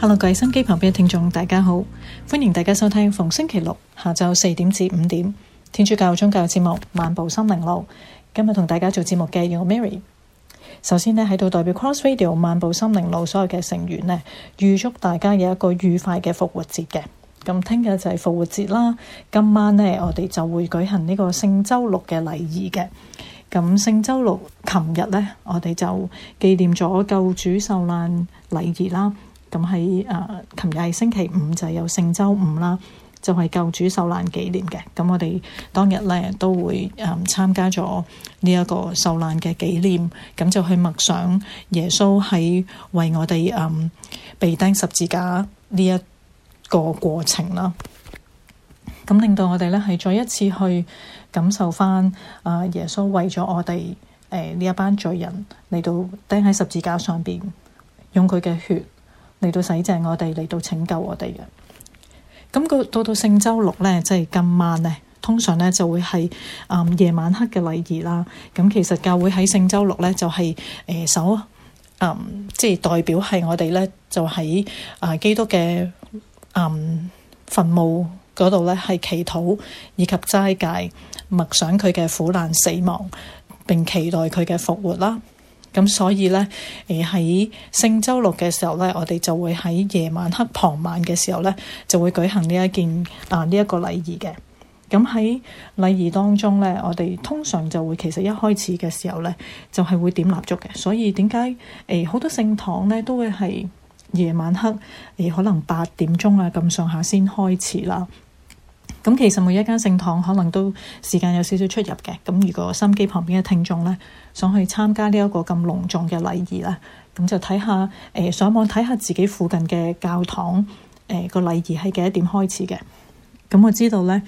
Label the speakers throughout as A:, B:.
A: hello，各位新機旁邊嘅聽眾，大家好，歡迎大家收聽逢星期六下晝四點至五點天主教宗教節目《漫步心靈路》。今日同大家做節目嘅叫 Mary。首先呢，喺度代表 Cross Video《漫步心靈路》所有嘅成員呢，預祝大家有一個愉快嘅復活節嘅。咁聽日就係復活節啦，今晚呢，我哋就會舉行呢個聖周六嘅禮儀嘅。咁聖周六琴日呢，我哋就紀念咗救主受難禮儀啦。咁喺誒，琴日係星期五，就係、有聖周五啦，就係、係、救主受難紀念嘅。咁我哋當日咧都會誒參、嗯、加咗呢一個受難嘅紀念，咁就去默想耶穌喺為我哋誒、嗯、被釘十字架呢一個過程啦。咁令到我哋咧係再一次去感受翻啊，耶穌為咗我哋誒呢一班罪人嚟到釘喺十字架上邊，用佢嘅血，嚟到洗淨我哋，嚟到拯救我哋嘅。咁個到到聖週六咧，即係今晚咧，通常咧就會係、嗯、夜晚黑嘅禮儀啦。咁、嗯、其實教會喺聖週六咧就係誒守，即係代表係我哋咧就喺啊、呃、基督嘅啊墳墓嗰度咧係祈禱以及齋戒默想佢嘅苦難死亡，並期待佢嘅復活啦。咁所以呢，誒喺聖週六嘅時候呢，我哋就會喺夜晚黑傍晚嘅時候呢，就會舉行呢一件啊呢一個禮儀嘅。咁喺禮儀當中呢，我哋通常就會其實一開始嘅時候呢，就係會點蠟燭嘅。所以點解誒好多聖堂呢，都會係夜晚黑誒可能八點鐘啊咁上下先開始啦。咁其實每一間聖堂可能都時間有少少出入嘅。咁如果心機旁邊嘅聽眾呢，想去參加呢一個咁隆重嘅禮儀啦，咁就睇下誒上網睇下自己附近嘅教堂誒、呃、個禮儀係幾多點開始嘅。咁、嗯、我知道咧，誒、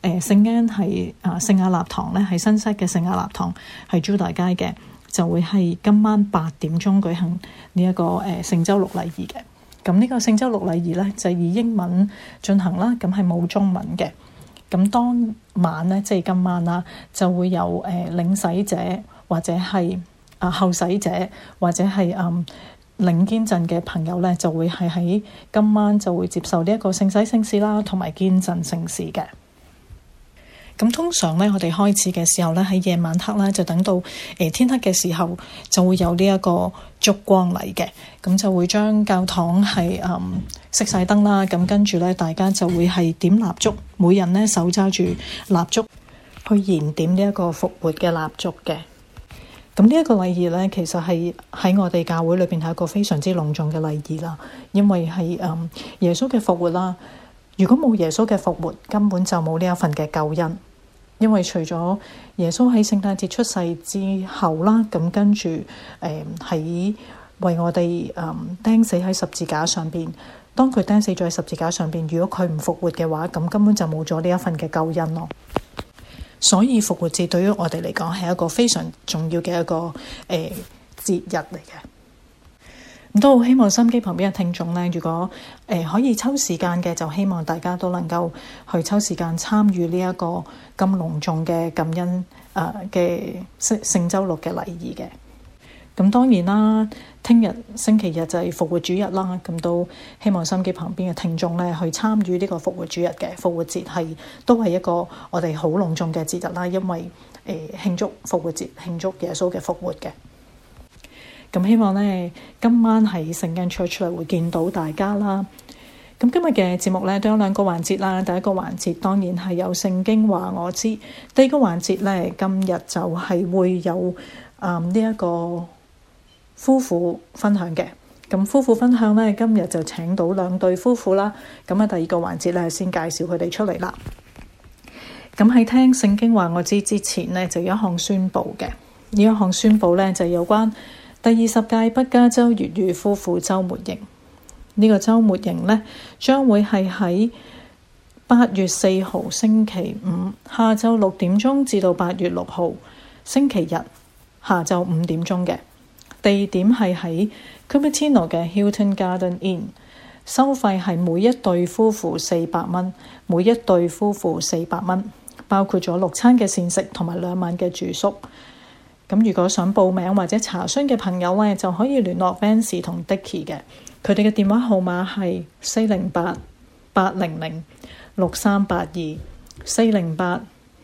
A: 呃、聖安係啊聖亞納堂咧，係新西嘅聖亞納堂係朱大街嘅，就會係今晚八點鐘舉行呢、這、一個誒、呃、聖週六禮儀嘅。咁、嗯、呢、這個聖週六禮儀咧就是、以英文進行啦，咁係冇中文嘅。咁、嗯、當晚咧，即、就、係、是、今晚啦，就會有誒、呃、領洗者。或者係啊，候洗者或者係嗯領堅振嘅朋友呢，就會係喺今晚就會接受呢一個聖洗聖事啦，同埋堅振聖事嘅。咁通常呢，我哋開始嘅時候呢，喺夜晚黑咧就等到誒、呃、天黑嘅時候，就會有呢一個燭光禮嘅。咁就會將教堂係熄晒燈啦。咁跟住呢，大家就會係點蠟燭，每人呢，手揸住蠟燭去燃點呢一個復活嘅蠟燭嘅。咁呢一個禮儀咧，其實係喺我哋教會裏邊係一個非常之隆重嘅禮儀啦。因為係誒耶穌嘅復活啦，如果冇耶穌嘅復活，根本就冇呢一份嘅救恩。因為除咗耶穌喺聖誕節出世之後啦，咁跟住誒喺為我哋誒釘死喺十字架上邊。當佢釘死咗喺十字架上邊，如果佢唔復活嘅話，咁根本就冇咗呢一份嘅救恩咯。所以復活節對於我哋嚟講係一個非常重要嘅一個誒節日嚟嘅，都好希望心機旁邊嘅聽眾咧，如果誒、呃、可以抽時間嘅，就希望大家都能夠去抽時間參與呢一個咁隆重嘅感恩誒嘅聖聖周六嘅禮儀嘅。咁當然啦，聽日星期日就係復活主日啦。咁都希望心靈旁邊嘅聽眾咧，去參與呢個復活主日嘅復活節，係都係一個我哋好隆重嘅節日啦。因為誒、呃、慶祝復活節，慶祝耶穌嘅復活嘅。咁希望咧，今晚喺聖經 church 嚟會見到大家啦。咁今日嘅節目咧都有兩個環節啦。第一個環節當然係有聖經話我知。第二個環節咧，今日就係會有呢一、嗯呢個。夫婦分享嘅。咁夫婦分享呢，今日就請到兩對夫婦啦。咁喺第二個環節呢，先介紹佢哋出嚟啦。咁喺聽聖經話我知之前呢，就有一項宣布嘅。呢一項宣布呢，就有關第二十屆北加州粵語夫婦週末營。呢個週末營呢，將會係喺八月四號星期五下晝六點鐘至到八月六號星期日下晝五點鐘嘅。地點係喺 Cupertino 嘅 Hilton Garden Inn，收費係每一對夫婦四百蚊，每一對夫婦四百蚊，包括咗六餐嘅膳食同埋兩晚嘅住宿。咁如果想報名或者查詢嘅朋友咧，就可以聯絡 Vans 同 Dicky 嘅，佢哋嘅電話號碼係四零八八零零六三八二四零八。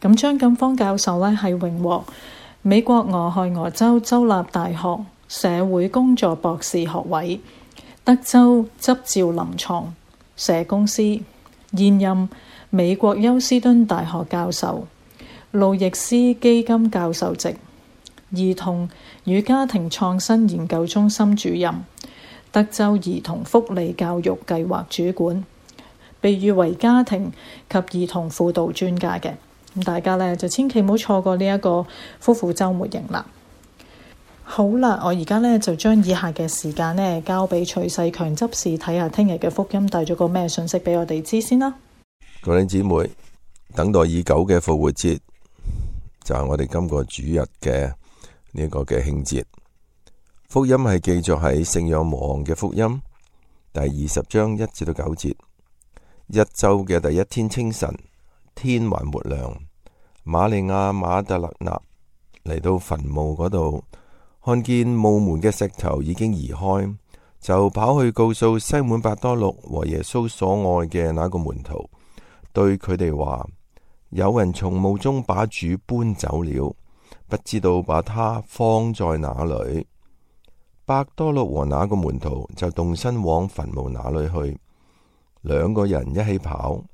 A: 咁張錦芳教授呢，係榮獲美國俄亥俄州州立大學社會工作博士學位，德州執照臨床社工師，現任美國休斯敦大學教授、路易斯基金教授席、兒童與家庭創新研究中心主任、德州兒童福利教育計劃主管，被譽為家庭及兒童輔導專家嘅。咁大家呢，就千祈唔好錯過呢一個夫婦週末型啦。好啦，我而家呢，就將以下嘅時間呢，交俾徐世強執事睇下，聽日嘅福音帶咗個咩信息俾我哋知先啦。
B: 各位姐妹，等待已久嘅復活節就係、是、我哋今個主日嘅呢一個嘅慶節。福音係記著喺聖若望嘅福音第二十章一至到九節。一周嘅第一天清晨，天還沒亮。瑪利亞馬特勒納嚟到墳墓嗰度，看見墓門嘅石頭已經移開，就跑去告訴西滿伯多禄和耶穌所愛嘅那個門徒，對佢哋話：有人從墓中把主搬走了，不知道把他放在哪裏。伯多禄和那個門徒就動身往墳墓那裏去，兩個人一起跑。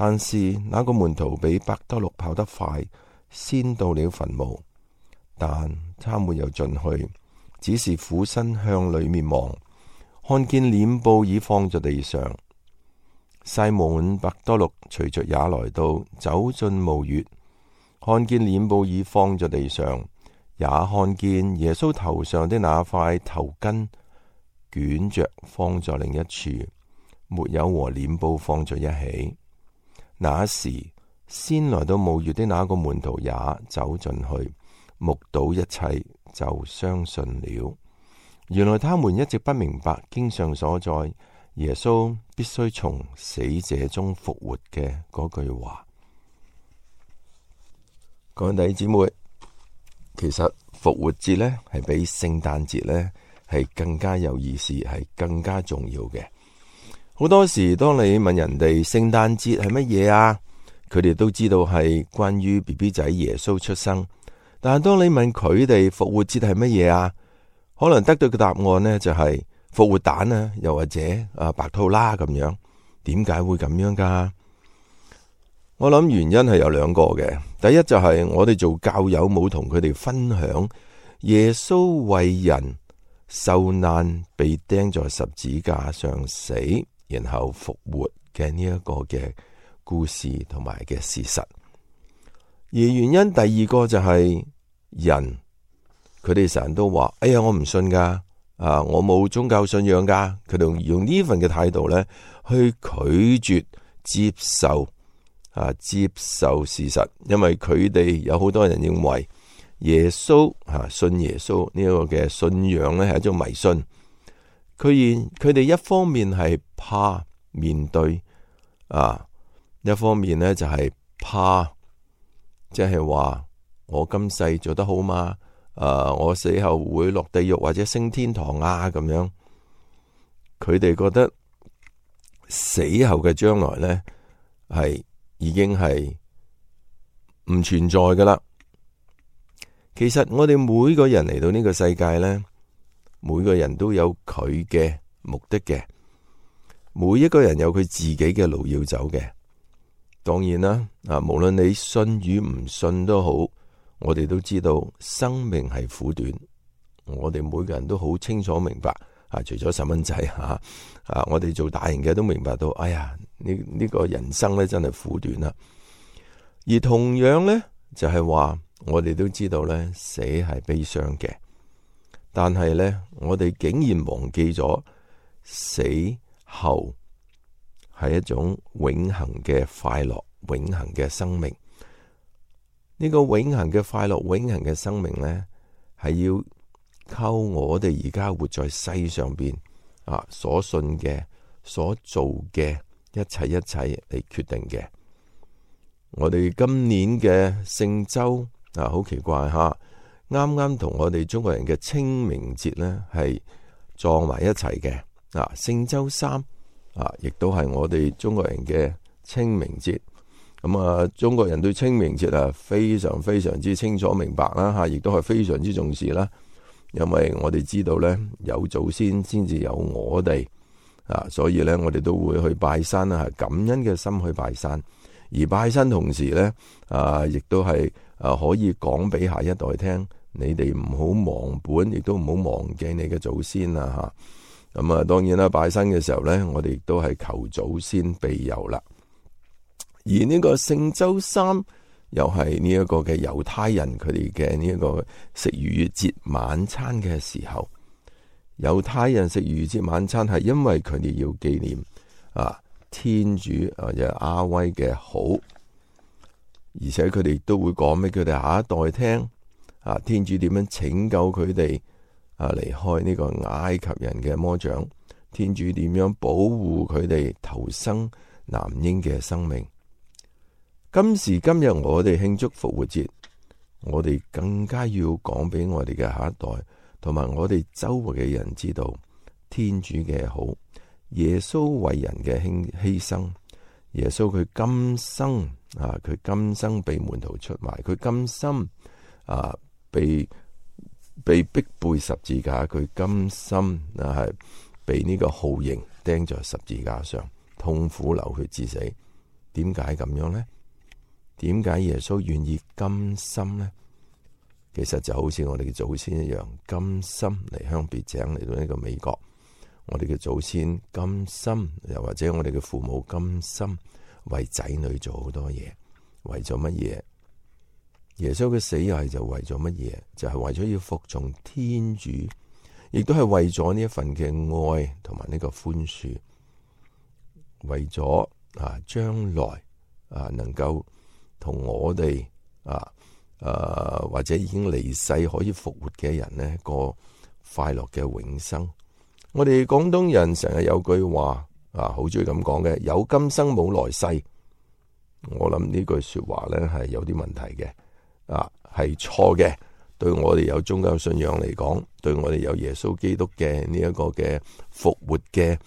B: 但是那個門徒比伯多祿跑得快，先到了墳墓，但他沒有進去，只是俯身向裏面望，看見臉布已放在地上。西滿伯多祿隨着也來到，走進墓穴，看見臉布已放在地上，也看見耶穌頭上的那塊頭巾捲着放在另一處，沒有和臉布放在一起。那時先來到墓穴的那個門徒也走進去，目睹一切就相信了。原來他們一直不明白經上所在耶穌必須從死者中復活嘅嗰句話。各位弟兄姊妹，其實復活節呢係比聖誕節呢係更加有意思，係更加重要嘅。好多時，當你問人哋聖誕節係乜嘢啊，佢哋都知道係關於 B B 仔耶穌出生。但係當你問佢哋復活節係乜嘢啊，可能得到嘅答案呢就係復活蛋啊，又或者啊白兔啦咁樣。點解會咁樣噶、啊？我諗原因係有兩個嘅。第一就係我哋做教友冇同佢哋分享耶穌為人受難，被釘在十字架上死。然後復活嘅呢一個嘅故事同埋嘅事實，而原因第二個就係人，佢哋成日都話：哎呀，我唔信㗎，啊，我冇宗教信仰㗎。佢哋用呢份嘅態度咧，去拒絕接受啊，接受事實，因為佢哋有好多人認為耶穌啊，信耶穌呢一個嘅信仰咧係一種迷信。佢，而佢哋一方面係怕面對啊，一方面呢就係怕，即係話我今世做得好嘛，誒、啊、我死後會落地獄或者升天堂啊咁樣。佢哋覺得死後嘅將來呢係已經係唔存在噶啦。其實我哋每個人嚟到呢個世界呢。每個人都有佢嘅目的嘅，每一個人有佢自己嘅路要走嘅。當然啦，啊，無論你信與唔信都好，我哋都知道生命係苦短，我哋每個人都好清楚明白。啊，除咗細蚊仔吓啊，我哋做大型嘅都明白到，哎呀，呢呢個人生咧真係苦短啦。而同樣呢，就係話我哋都知道呢，死係悲傷嘅。但係呢，我哋竟然忘記咗死後係一種永恆嘅快樂、永恆嘅生命。呢個永恆嘅快樂、永恆嘅生命呢，係要靠我哋而家活在世上邊啊所信嘅、所做嘅一切一切嚟決定嘅。我哋今年嘅姓周啊，好奇怪吓。啱啱同我哋中國人嘅清明節呢係撞埋一齊嘅，啊，聖週三啊，亦都係我哋中國人嘅清明節。咁、嗯、啊，中國人對清明節啊非常非常之清楚明白啦，吓、啊，亦都係非常之重視啦。因為我哋知道呢，有祖先先至有我哋啊，所以呢，我哋都會去拜山啊，感恩嘅心去拜山。而拜山同時呢，啊，亦都係啊可以講俾下一代聽，你哋唔好忘本，亦都唔好忘記你嘅祖先啊！嚇，咁啊，當然啦，拜山嘅時候咧，我哋亦都係求祖先庇佑啦。而呢個聖週三又係呢一個嘅猶太人佢哋嘅呢一個食逾越節晚餐嘅時候，猶太人食逾越節晚餐係因為佢哋要紀念啊天主或者阿威嘅好，而且佢哋都會講俾佢哋下一代聽。啊！天主點樣拯救佢哋啊，離開呢個埃及人嘅魔掌，天主點樣保護佢哋頭生男嬰嘅生命？今時今日我哋慶祝復活節，我哋更加要講俾我哋嘅下一代同埋我哋周圍嘅人知道天主嘅好，耶穌為人嘅犧犧牲，耶穌佢今生啊，佢今生被門徒出賣，佢今生啊。被被逼背十字架，佢甘心啊係被呢個酷刑釘在十字架上，痛苦流血致死。點解咁樣咧？點解耶穌願意甘心咧？其實就好似我哋嘅祖先一樣，甘心離鄉別井嚟到呢個美國。我哋嘅祖先甘心，又或者我哋嘅父母甘心，為仔女做好多嘢，為咗乜嘢？耶穌嘅死又係就為咗乜嘢？就係、是、為咗要服從天主，亦都係為咗呢一份嘅愛同埋呢個寬恕，為咗啊將來啊能夠同我哋啊誒、啊、或者已經離世可以復活嘅人咧過快樂嘅永生。我哋廣東人成日有句話啊，好中意咁講嘅，有今生冇來世。我諗呢句說話咧係有啲問題嘅。啊，係錯嘅。對我哋有宗教信仰嚟講，對我哋有耶穌基督嘅呢一個嘅復活嘅、誒、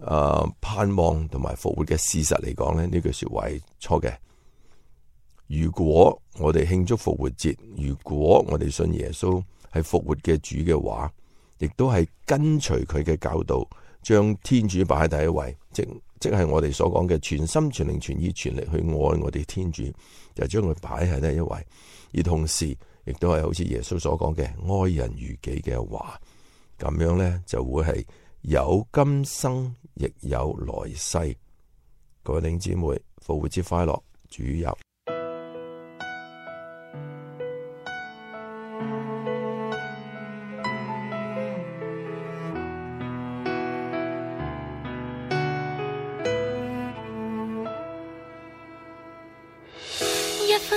B: 呃、盼望同埋復活嘅事實嚟講咧，呢句說話係錯嘅。如果我哋慶祝復活節，如果我哋信耶穌係復活嘅主嘅話，亦都係跟隨佢嘅教導，將天主擺喺第一位，即即係我哋所講嘅全心全靈全意全力去愛我哋天主。就將佢擺喺呢一位，而同時亦都係好似耶穌所講嘅愛人如己嘅話，咁樣咧就會係有今生亦有來世。各位弟兄姊妹，復活節快樂，主入。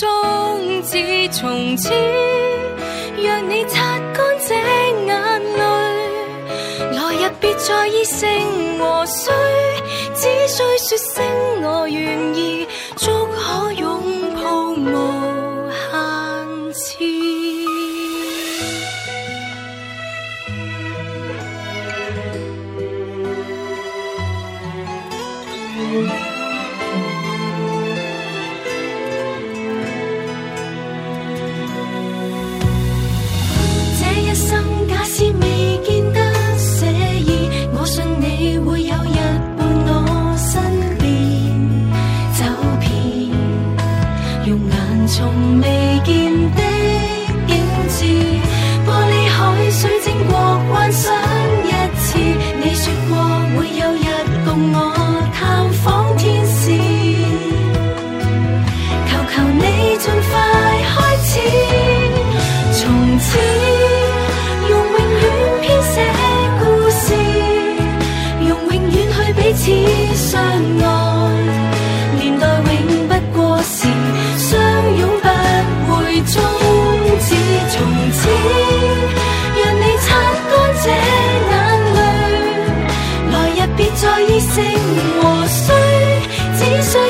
C: 終止，從此讓你擦乾這眼淚。來日別在意勝和衰，只需說聲我願意，足可用。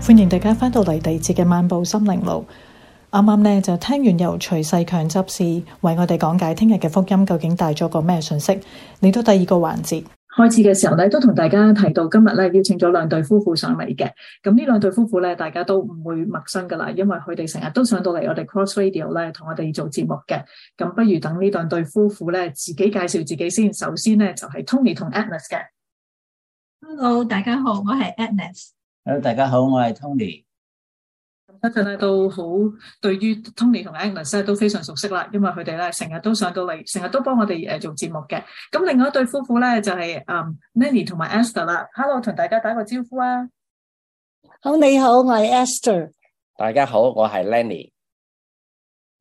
A: 歡迎大家翻到嚟第二節嘅漫步心靈路，啱啱咧就聽完由徐世強執事為我哋講解聽日嘅福音究竟帶咗個咩信息？嚟到第二個環節開始嘅時候咧，都同大家提到今日咧邀請咗兩對夫婦上嚟嘅，咁呢兩對夫婦咧大家都唔會陌生噶啦，因為佢哋成日都上到嚟我哋 Cross Radio 咧同我哋做節目嘅，咁不如等呢兩對夫婦咧自己介紹自己先，首先咧就係、是、Tony 同 Agnes 嘅。Hello，大家
D: 好，我係 Agnes
A: Hello 大家好，我係 Tony。一陣咧都好，對於 Tony 同 Angela、啊、咧都非常熟悉啦，因為佢哋咧成日都上到嚟，成日都幫我哋誒、呃、做節目嘅。咁、嗯、另外一對夫婦咧就係、是、嗯 Lenny 同埋 Esther 啦。Hello，同大家打個招呼啊！
E: 好，你好，我係 Esther。大家好，我係 Lenny。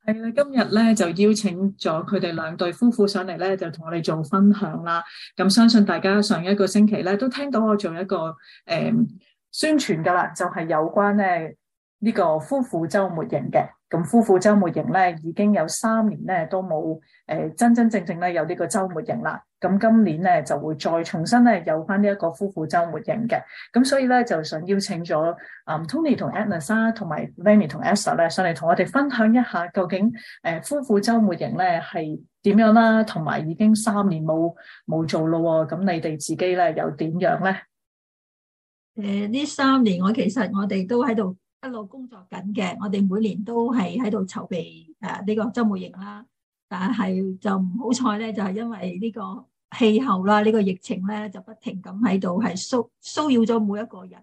A: 係、嗯、今日咧就邀請咗佢哋兩對夫婦上嚟咧，就同我哋做分享啦。咁、嗯、相信大家上一個星期咧都聽到我做一個誒。嗯宣傳噶啦，就係有關咧呢、這個夫婦周末營嘅。咁夫婦周末營咧，已經有三年咧都冇誒、呃、真真正正咧有呢個周末營啦。咁今年咧就會再重新咧有翻呢一個夫婦周末營嘅。咁所以咧就想邀請咗阿、嗯、Tony 同 Anna 同埋 Vanny 同 Astor 咧上嚟同我哋分享一下究竟誒、呃、夫婦周末營咧係點樣啦、啊，同埋已經三年冇冇做咯、哦。咁你哋自己咧又點樣咧？
D: 誒，呢三年我其實我哋都喺度一路工作緊嘅，我哋每年都係喺度籌備誒呢、啊，這個周末營啦，但係就唔好彩咧，就係、是、因為呢個氣候啦，呢、這個疫情咧就不停咁喺度係騷騷擾咗每一個人。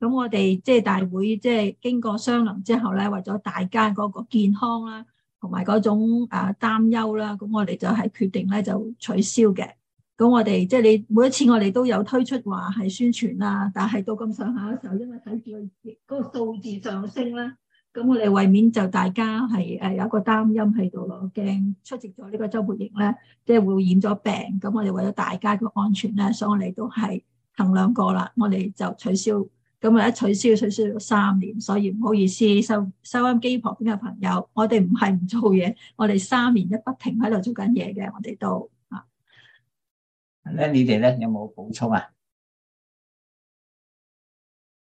D: 咁我哋即係大會即係、就是、經過商量之後咧，為咗大家嗰個健康啦，同埋嗰種誒擔憂啦，咁我哋就係決定咧就取消嘅。咁我哋即係你每一次我哋都有推出話係宣傳啦，但係到咁上下嘅時候，因為睇住嗰個數字上升啦，咁我哋為免就大家係誒、呃、有一個擔心喺度咯，驚出席咗呢個周末營咧，即係會染咗病，咁我哋為咗大家嘅安全咧，所以我哋都係衡量過啦，我哋就取消，咁啊一取消取消咗三年，所以唔好意思收收音機旁邊嘅朋友，我哋唔係唔做嘢，我哋三年一不停喺度做緊嘢嘅，我哋都。
F: 咧，
D: 你哋咧有冇補充啊？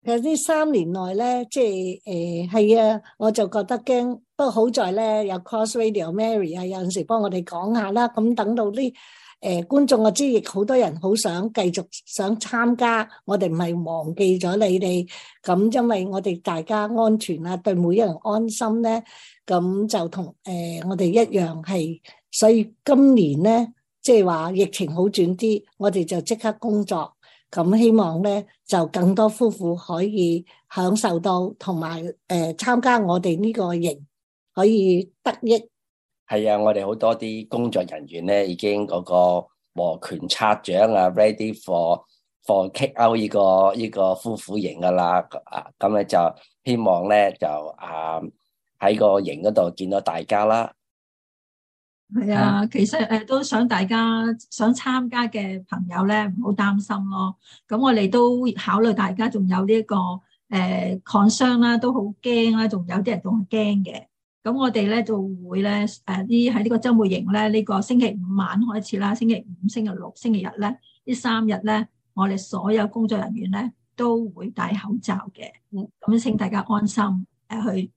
D: 其實
G: 呢三年內咧，即係誒，係啊，我就覺得驚。不過好在咧，有 Cross Radio Mary 啊，有陣時幫我哋講下啦。咁等到啲誒觀眾啊，知亦好多人好想繼續想參加。我哋唔係忘記咗你哋。咁因為我哋大家安全啊，對每一個人安心咧，咁就同誒我哋一樣係。所以今年咧。即係話疫情好轉啲，我哋就即刻工作。咁希望咧，就更多夫婦可以享受到，同埋誒參加我哋呢個營可以得益。
E: 係啊，我哋好多啲工作人員咧，已經嗰個磨拳擦掌啊，ready for for kick out 呢個呢、這個夫婦營噶啦。啊，咁咧就希望咧就啊喺個營嗰度見到大家啦。
D: 係啊，其實誒都想大家想參加嘅朋友咧唔好擔心咯。咁我哋都考慮大家仲有呢、個誒抗傷啦，都好驚啦，仲有啲人仲驚嘅。咁我哋咧就會咧誒啲喺呢、啊、個周末營咧呢、個星期五晚開始啦，星期五、星期六、星期日咧呢三日咧，我哋所有工作人員咧都會戴口罩嘅。咁請大家安心誒、啊、去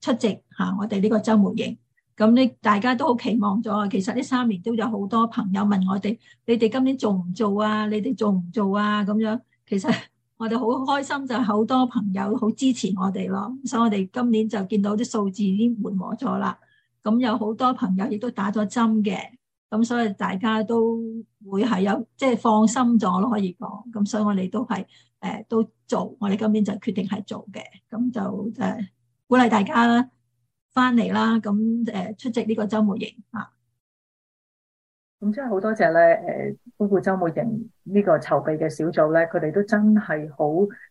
D: 出席吓、啊、我哋呢個周末營。咁呢，大家都好期望咗。其實呢三年都有好多朋友問我哋：你哋今年做唔做啊？你哋做唔做啊？咁樣其實我哋好開心，就好多朋友好支持我哋咯。所以我哋今年就見到啲數字已經緩和咗啦。咁有好多朋友亦都打咗針嘅。咁所以大家都會係有即係、就是、放心咗咯，可以講。咁所以我哋都係誒、呃、都做。我哋今年就決定係做嘅。咁就誒、呃、鼓勵大家啦。
A: 翻嚟啦，咁、嗯、誒出席呢個周末營啊！咁真係好多謝咧誒，包括周末營呢個籌備嘅小組咧，佢哋都真係好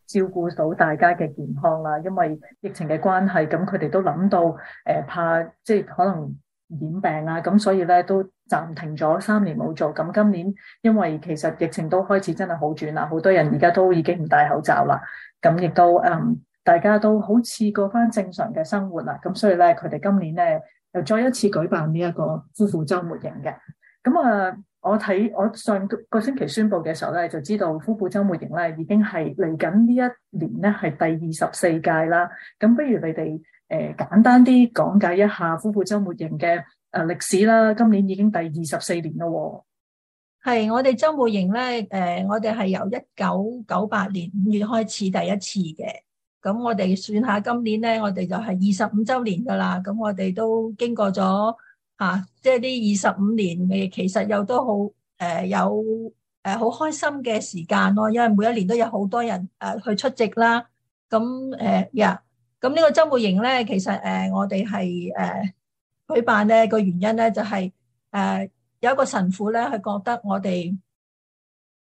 A: 照顧到大家嘅健康啦。因為疫情嘅關係，咁佢哋都諗到誒、呃，怕即係可能染病啊，咁所以咧都暫停咗三年冇做。咁今年因為其實疫情都開始真係好轉啦，好多人而家都已經唔戴口罩啦，咁亦都嗯。大家都好似過翻正常嘅生活啦，咁所以咧，佢哋今年咧又再一次舉辦呢一個夫婦周末營嘅。咁啊，我睇我上個星期宣布嘅時候咧，就知道夫婦周末營咧已經係嚟緊呢一年咧係第二十四屆啦。咁不如你哋誒、呃、簡單啲講解一下夫婦周末營嘅誒歷史啦。今年已經第二十四年咯。係我哋周末
D: 營咧，誒、呃、我哋係由一九九八年五月開始第一次嘅。咁我哋算下今年咧，我哋就係二十五周年噶啦。咁我哋都經過咗，吓、啊，即係呢二十五年嘅，其實又都好誒，有誒好開心嘅時間咯。因為每一年都有好多人誒、呃、去出席啦。咁誒，呀，咁呢個周末營咧，其實誒、呃、我哋係誒舉辦呢個原因咧，就係、是、誒、呃、有一個神父咧，佢覺得我哋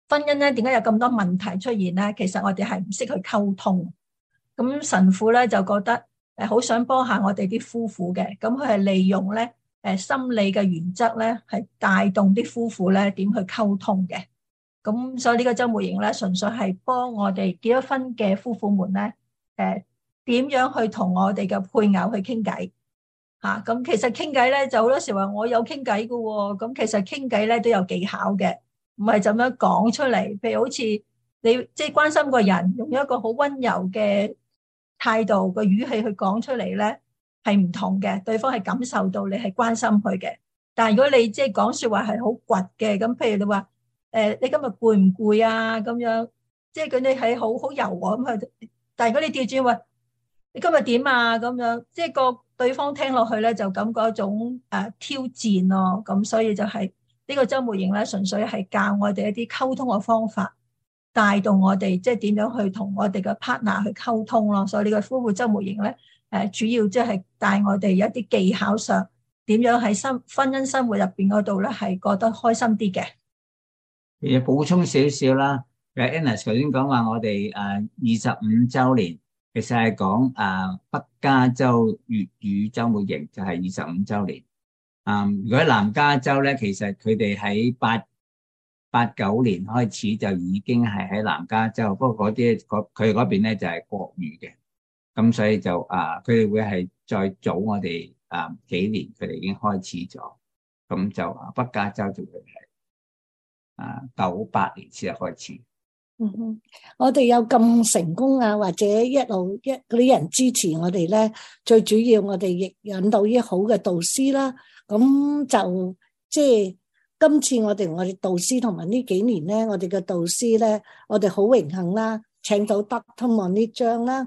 D: 婚姻咧點解有咁多問題出現咧？其實我哋係唔識去溝通。咁神父咧就覺得誒好想幫下我哋啲夫婦嘅，咁佢係利用咧誒心理嘅原則咧，係帶動啲夫婦咧點去溝通嘅。咁所以呢個週末營咧，純粹係幫我哋結咗婚嘅夫婦們咧，誒點樣去同我哋嘅配偶去傾偈吓。咁其實傾偈咧就好多時話我有傾偈嘅喎，咁其實傾偈咧都有技巧嘅，唔係咁樣講出嚟。譬如好似你即係關心個人，用一個好溫柔嘅。態度、個語氣去講出嚟咧係唔同嘅，對方係感受到你係關心佢嘅。但係如果你即係講説話係好倔嘅，咁譬如你話誒、欸、你今日攰唔攰啊咁樣，即係佢你係好好柔和咁去。但係如果你調轉話你今日點啊咁樣，即係個對方聽落去咧就感覺一種誒、啊、挑戰咯、哦。咁所以就係、是這個、呢個周末營咧，純粹係教我哋一啲溝通嘅方法。帶動我哋即係點樣去同我哋嘅 partner 去溝通咯，所以呢個夫婦週末營咧，誒，主要即係帶我哋一啲技巧上點樣喺生婚姻生活入邊嗰度咧，係過得開心啲嘅。
F: 要補充少少啦，誒，Ennis 頭先講話我哋誒，二十五週年，其實係講誒，北加州粵語週末營就係二十五週年。啊，如果喺南加州咧，其實佢哋喺八。八九年開始就已經係喺南加州，不過嗰啲佢嗰邊咧就係、是、國語嘅，咁所以就啊，佢哋會係再早我哋啊幾年，佢哋已經開始咗，咁就、啊、北加州就係啊九八年先開始。嗯
G: 哼，我哋有咁成功啊，或者一路一啲人支持我哋咧，最主要我哋亦引導啲好嘅導師啦、啊，咁就即係。就是今次我哋我哋導師同埋呢幾年咧，我哋嘅導師咧，我哋好榮幸啦，請到 Doctor Wong 張啦，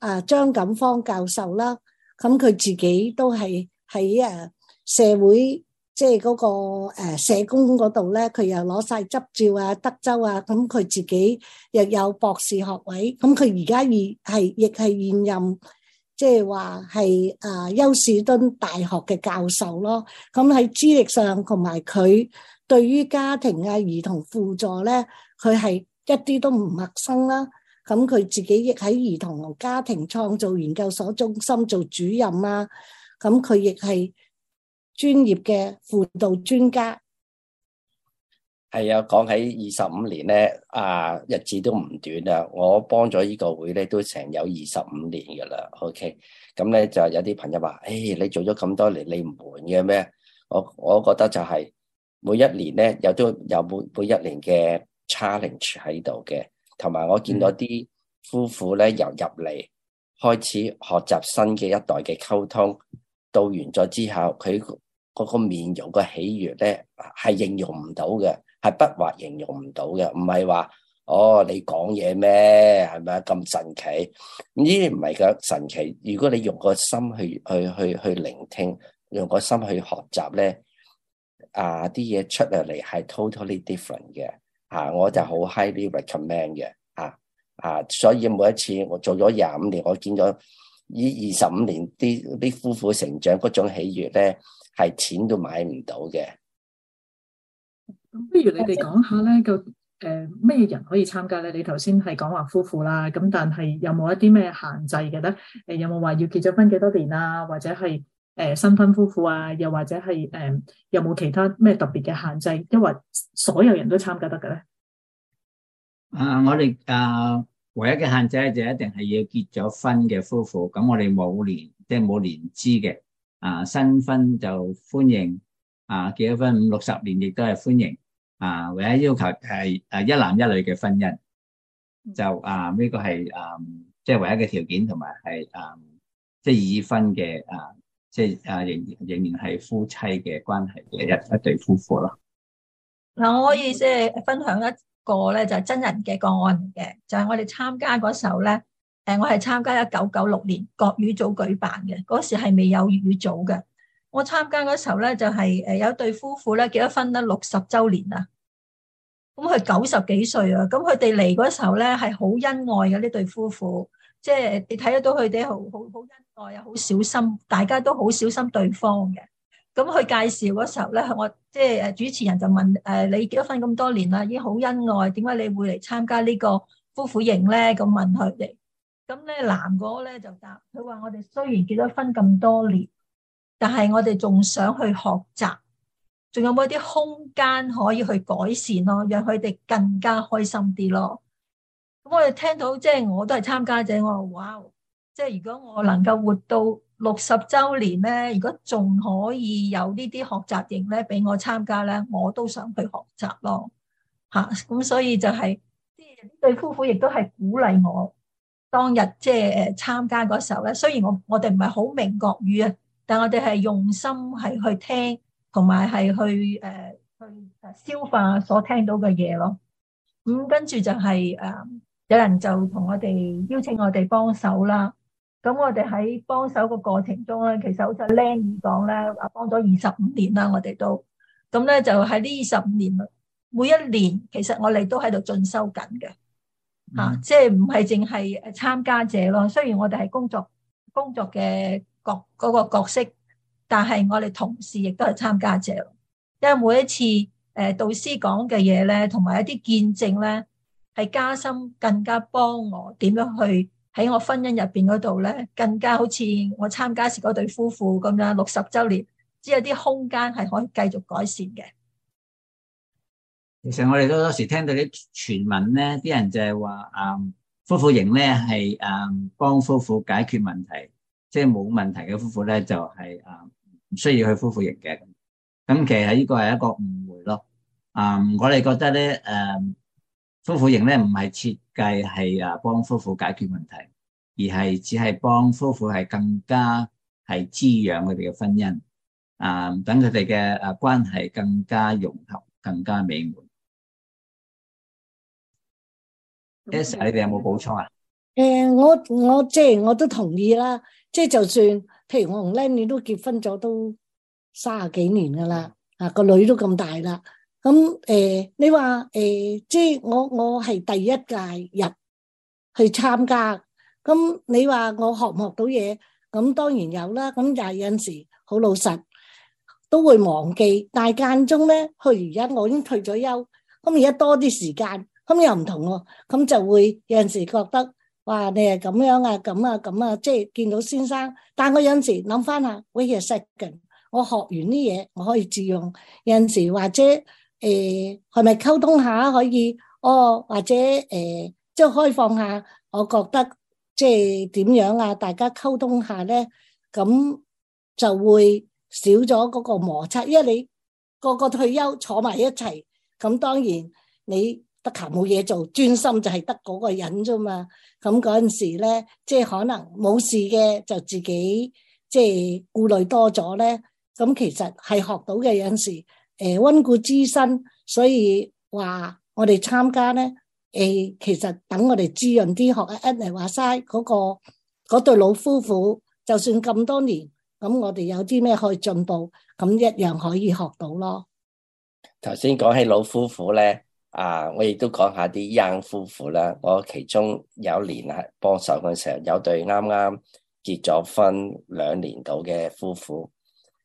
G: 啊張錦芳教授啦，咁佢自己都係喺誒社會即係嗰個誒社工嗰度咧，佢又攞曬執照啊，德州啊，咁佢自己亦有博士學位，咁佢而家現係亦係現任。即係話係啊，休士敦大學嘅教授咯。咁喺資歷上同埋佢對於家庭啊、兒童輔助咧，佢係一啲都唔陌生啦。咁佢自己亦喺兒童家庭創造研究所中心做主任啦。咁佢亦係專業嘅輔導專家。
E: 係啊，講起二十五年咧，啊日子都唔短啦。我幫咗呢個會咧，都成有二十五年噶啦。OK，咁咧就有啲朋友話：誒，你做咗咁多年，你唔悶嘅咩？我我覺得就係每一年咧，有都有每每一年嘅 challenge 喺度嘅。同埋我見到啲夫婦咧，又入嚟開始學習新嘅一代嘅溝通，到完咗之後，佢嗰個面容嘅嗰個、喜悅咧，係形容唔到嘅。係筆畫形容唔到嘅，唔係、哦、話哦你講嘢咩，係咪咁神奇？呢啲唔係嘅神奇。如果你用個心去去去去聆聽，用個心去學習咧，啊啲嘢出嚟嚟係 totally different 嘅。啊，我就好 highly recommend 嘅。啊啊，所以每一次我做咗廿五年，我見咗呢二十五年啲啲夫婦成長嗰種喜悅咧，係錢都買唔到嘅。
A: 咁不如你哋講下咧，個誒咩人可以參加咧？你頭先係講話夫婦啦，咁但係有冇一啲咩限制嘅咧？誒，有冇話要結咗婚幾多年啊？或者係誒、呃、新婚夫婦啊？又或者係誒、呃、有冇其他咩特別嘅限制？因為所有人都參加得嘅咧、
F: 啊？啊，我哋啊唯一嘅限制就一定係要結咗婚嘅夫婦。咁我哋冇年即係冇年資嘅啊，新婚就歡迎啊，結咗婚五六十年亦都係歡迎。啊，唯一要求係誒、啊、一男一女嘅婚姻，就啊呢、這個係誒即係唯一嘅條件，同埋係誒即係已婚嘅誒、啊、即係誒仍仍然係夫妻嘅關係嘅一一對夫婦咯。
D: 嗱、嗯，我可以即係分享一個咧就係真人嘅個案嘅，就係、是、我哋參加嗰時候咧，誒我係參加一九九六年國語組舉辦嘅，嗰時係未有粵語組嘅。我參加嗰時候咧，就係誒有一對夫婦咧結咗婚啦，六十周年啦。咁佢九十幾歲啊，咁佢哋嚟嗰時候咧係好恩愛嘅呢對夫婦，即係你睇得到佢哋好好好恩愛啊，好小心，大家都好小心對方嘅。咁佢介紹嗰時候咧，我即係誒主持人就問誒你結咗婚咁多年啦，已經好恩愛，點解你會嚟參加呢個夫婦營咧？咁問佢哋。咁咧男嗰咧就答，佢話我哋雖然結咗婚咁多年。但係我哋仲想去學習，仲有冇一啲空間可以去改善咯，讓佢哋更加開心啲咯。咁我哋聽到即係我都係參加者，我話哇，即係如果我能夠活到六十周年咧，如果仲可以有呢啲學習型咧俾我參加咧，我都想去學習咯。吓，咁所以就係即係呢對夫婦亦都係鼓勵我當日即係參加嗰時候咧。雖然我我哋唔係好明國語啊。但我哋係用心係去聽，同埋係去誒去消化所聽到嘅嘢咯。咁跟住就係誒，有人就同我哋邀請我哋幫手啦。咁我哋喺幫手個過程中咧，其實好似 Lenny 講咧，啊幫咗二十五年啦，我哋都咁咧，就喺呢二十五年每一年，其實我哋都喺度進修緊嘅。
C: 吓，
D: 即係唔係淨係參加者咯。雖然我哋係工作工作嘅。各，各個角色，但係我哋同事亦都係參加者，因為每一次誒、呃、導師講嘅嘢咧，同埋一啲見證咧，係加深更加幫我點樣去喺我婚姻入邊嗰度咧，更加好似我參加時嗰對夫婦咁樣六十周年，只有啲空間係可以繼續改善嘅。
F: 其實我哋都多時聽到啲傳聞咧，啲人就係話，嗯，夫婦營咧係誒幫夫婦解決問題。即係冇問題嘅夫婦咧，就係啊唔需要去夫婦營嘅。咁其實呢個係一個誤會咯。啊，我哋覺得咧，誒夫婦營咧唔係設計係啊幫夫婦解決問題，而係只係幫夫婦係更加係滋養佢哋嘅婚姻。啊，等佢哋嘅啊關係更加融合，更加美滿。Astor，你哋有冇補充啊？
G: 誒，我我即係我都同意啦，即係就算譬如我同靚女都結婚咗都三十幾年噶啦，啊個女都咁大啦，咁誒你話誒即係我我係第一屆入去參加，咁你話我學唔學到嘢？咁當然有啦，咁但係有陣時好老實都會忘記，但係間中咧，去而家我已經退咗休，咁而家多啲時間，咁又唔同喎，咁就會有陣時覺得。話你係咁樣啊，咁啊，咁啊，即係見到先生。但係我有陣時諗翻下，wait a second，我學完啲嘢，我可以自用。有陣時或者誒，係咪溝通下可以？哦，或者誒，即係開放下，我覺得即係點樣啊？大家溝通下咧，咁就會少咗嗰個摩擦，因為你個個退休坐埋一齊，咁當然你。得閒冇嘢做，專心就係得嗰個人啫嘛。咁嗰陣時咧，即係可能冇事嘅，就自己即係顧慮多咗咧。咁其實係學到嘅，有陣時，誒溫故知新。所以話我哋參加咧，誒其實等我哋滋潤啲，學阿 Anne 話齋嗰個嗰對老夫婦，就算咁多年，咁我哋有啲咩去進步，咁一樣可以學到咯。
E: 頭先講起老夫婦咧，啊！我亦都講下啲 young 夫婦啦。我其中有年係幫手嗰陣時候，有對啱啱結咗婚兩年到嘅夫婦，咁、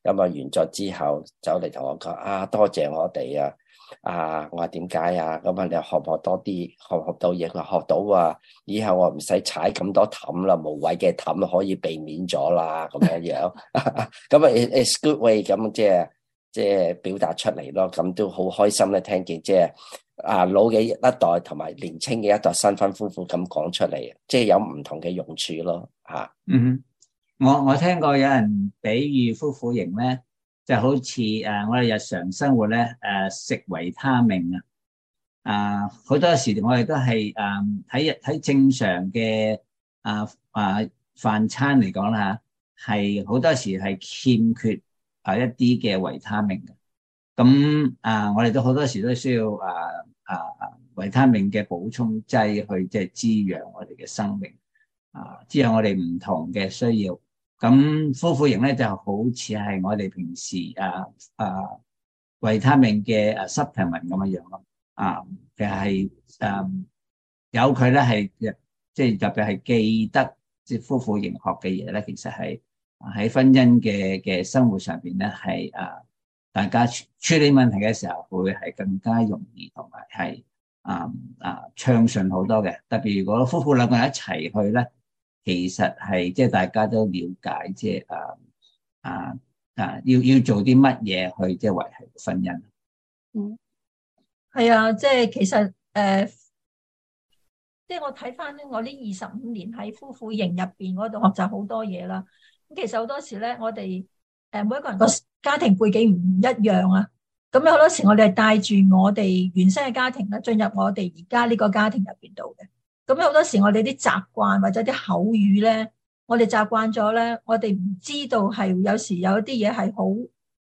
E: 嗯、啊完咗之後走嚟同我講：啊，多謝我哋啊！啊，我話點解啊？咁、嗯、啊，你學學多啲，學唔學到嘢，佢學到啊，以後我唔使踩咁多氹啦，無謂嘅氹可以避免咗啦，咁樣樣。咁 啊、嗯、，it's good way 咁即係。就是即係表達出嚟，咯，咁都好開心咧，聽見即係啊老嘅一代同埋年輕嘅一代新婚夫婦咁講出嚟，即係有唔同嘅用處咯，吓。嗯
C: 哼，
F: 我我聽過有人比喻夫婦型咧，就好似誒我哋日常生活咧誒食維他命啊，啊好多時我哋都係誒睇日睇正常嘅啊啊飯餐嚟講啦吓，係好多時係欠缺。啊！一啲嘅維他命嘅，咁啊，我哋都好多時都需要啊啊啊維他命嘅補充劑去即係滋養我哋嘅生命啊，滋養我哋唔同嘅需要，咁夫婦型咧就好似係我哋平時啊啊維他命嘅啊 supplement 咁嘅樣咯，啊其實係誒有佢咧係即係特別係記得即係夫婦型學嘅嘢咧，其實係。喺婚姻嘅嘅生活上邊咧，係啊，大家處理問題嘅時候會係更加容易，同埋係啊啊暢順好多嘅。特別如果夫婦兩個人一齊去咧，其實係即係大家都了解，即係啊啊啊要要做啲乜嘢去即係維繫婚姻。嗯，係啊，即
D: 係其實誒、呃，即係我睇翻咧，我呢二十五年喺夫婦營入邊嗰度學習好多嘢啦。咁其實好多時咧，我哋誒，每一個人個家庭背景唔一樣啊。咁有好多時，我哋係帶住我哋原生嘅家庭咧，進入我哋而家呢個家庭入邊度嘅。咁有好多時，我哋啲習慣或者啲口語咧，我哋習慣咗咧，我哋唔知道係有時有一啲嘢係好，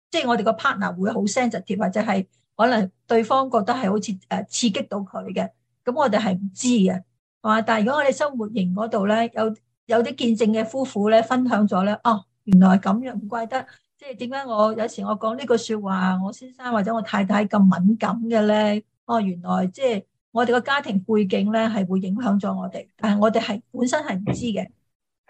D: 即係我哋個 partner 會好 send 直貼，或者係可能對方覺得係好似誒刺激到佢嘅。咁我哋係唔知嘅，係嘛？但係如果我哋生活型嗰度咧，有。有啲見證嘅夫婦咧，分享咗咧，哦，原來咁樣，唔怪得，即係點解我有時我講呢句說話，我先生或者我太太咁敏感嘅咧，哦，原來即係我哋個家庭背景咧係會影響咗我哋，但係我哋係本身係唔知嘅，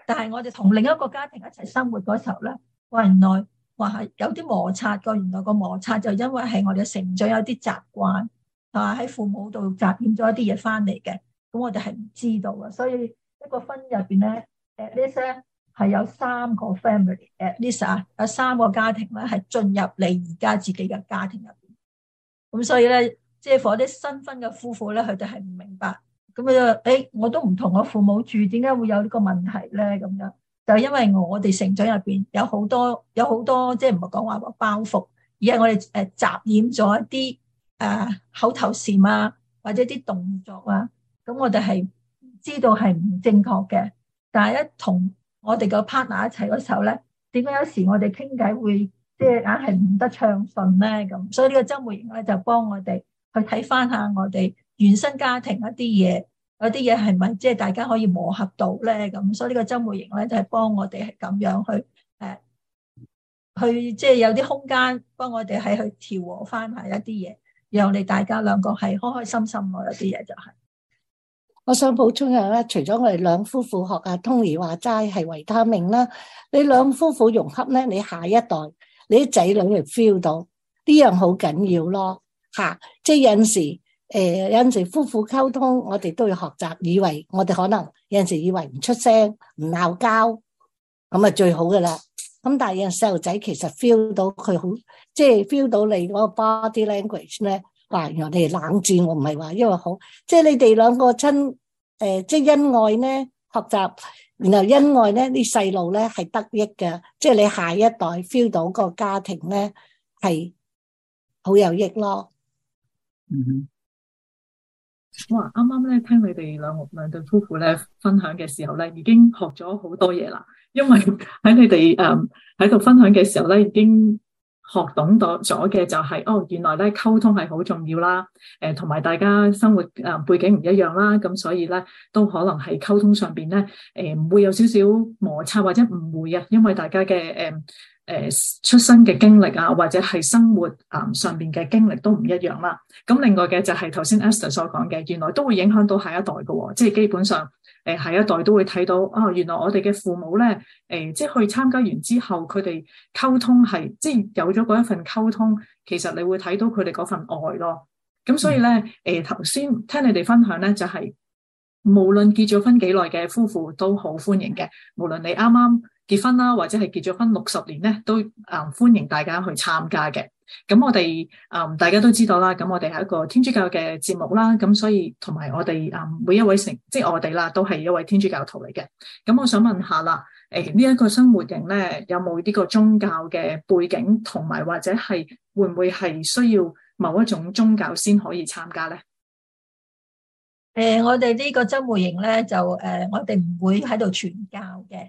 D: 但係我哋同另一個家庭一齊生活嗰時候咧，哇，原來話係有啲摩擦個，原來個摩擦就因為係我哋嘅成長有啲習慣啊，喺父母度習染咗一啲嘢翻嚟嘅，咁我哋係唔知道啊，所以。一個婚入邊咧，誒，Lisa 係有三個 family，誒，Lisa 有三個家庭咧，係進入你而家自己嘅家庭入邊。咁所以咧，即係 for 啲新婚嘅夫婦咧，佢哋係唔明白。咁佢就，誒，我都唔同我父母住，點解會有呢個問題咧？咁樣就因為我哋成長入邊有好多，有好多，即係唔係講話個包袱，而係我哋誒，雜染咗一啲誒口頭禪啊，或者啲動作啊，咁我哋係。知道係唔正確嘅，但係一同我哋個 partner 一齊嗰時候咧，點解有時我哋傾偈會即係硬係唔得暢順咧咁？所以個呢個周末營咧就幫我哋去睇翻下我哋原生家庭一啲嘢，有啲嘢係咪即係大家可以磨合到咧咁？所以個呢個周末營咧就係、是、幫我哋係咁樣去誒、啊，去即係、就是、有啲空間幫我哋喺去調和翻下一啲嘢，讓你大家兩個係開開心心咯、就是，有啲嘢就係。
G: 我想補充下，咧，除咗我哋兩夫婦學啊 Tony 話齋係維他命啦，你兩夫婦融洽咧，你下一代你啲仔女亦 feel 到呢樣好緊要咯吓、啊，即係有陣時誒、呃、有陣時夫婦溝通，我哋都要學習，以為我哋可能有陣時以為唔出聲唔鬧交，咁啊最好噶啦，咁但係有細路仔其實 feel 到佢好，即係 feel 到你嗰個 body language 咧。嗱，原來你哋冷戰，我唔係話因為好，即係你哋兩個親誒，即係恩愛咧，學習然後恩愛咧，啲細路咧係得益嘅，即係你下一代 feel 到個家庭咧
A: 係好有益咯。嗯哼，哇，啱啱咧聽你哋兩兩對夫婦咧分享嘅時候咧，已經學咗好多嘢啦，因為喺你哋誒喺度分享嘅時候咧已經。學懂到咗嘅就係、是、哦，原來咧溝通係好重要啦，誒同埋大家生活啊、呃、背景唔一樣啦，咁所以咧都可能喺溝通上面咧誒唔會有少少摩擦或者誤會啊，因為大家嘅誒。呃誒，出生嘅經歷啊，或者係生活誒上邊嘅經歷都唔一樣啦。咁另外嘅就係頭先 Esther 所講嘅，原來都會影響到下一代噶、哦。即係基本上，誒、呃、下一代都會睇到啊、哦。原來我哋嘅父母咧，誒、呃、即係去參加完之後，佢哋溝通係即係有咗嗰一份溝通，其實你會睇到佢哋嗰份愛咯。咁所以咧，誒頭先聽你哋分享咧、就是，就係無論結咗婚幾耐嘅夫婦都好歡迎嘅，無論你啱啱。結婚啦，或者係結咗婚六十年咧，都啊、嗯、歡迎大家去參加嘅。咁我哋啊、嗯、大家都知道啦，咁我哋係一個天主教嘅節目啦。咁所以同埋我哋啊、嗯、每一位成，即係我哋啦，都係一位天主教徒嚟嘅。咁我想問下啦，誒呢一個生活營咧，有冇呢個宗教嘅背景，同埋或者係會唔會係需要某一種宗教先可以參加咧？誒、
D: 呃，我哋呢個生活營咧，就誒、呃、我哋唔會喺度傳教嘅。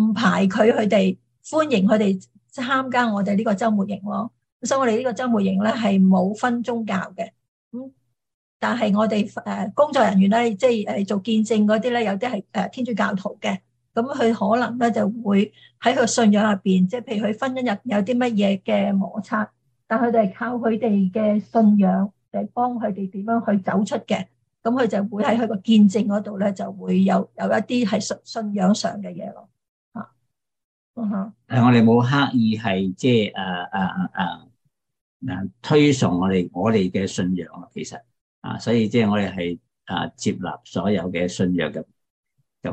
D: 唔排佢佢哋歡迎佢哋參加我哋呢個周末營咯，所以我哋呢個周末營咧係冇分宗教嘅。咁但係我哋誒工作人員咧，即係誒做見證嗰啲咧，有啲係誒天主教徒嘅，咁佢可能咧就會喺佢信仰入邊，即係譬如佢婚姻入邊有啲乜嘢嘅摩擦，但佢哋係靠佢哋嘅信仰嚟幫佢哋點樣去走出嘅，咁佢就會喺佢個見證嗰度咧就會有有一啲係信信仰上嘅嘢咯。
F: 係、嗯、 我哋冇刻意係即係誒誒誒誒推崇我哋我哋嘅信仰啊，其實啊，所以即係我哋係誒接納所有嘅信仰嘅，就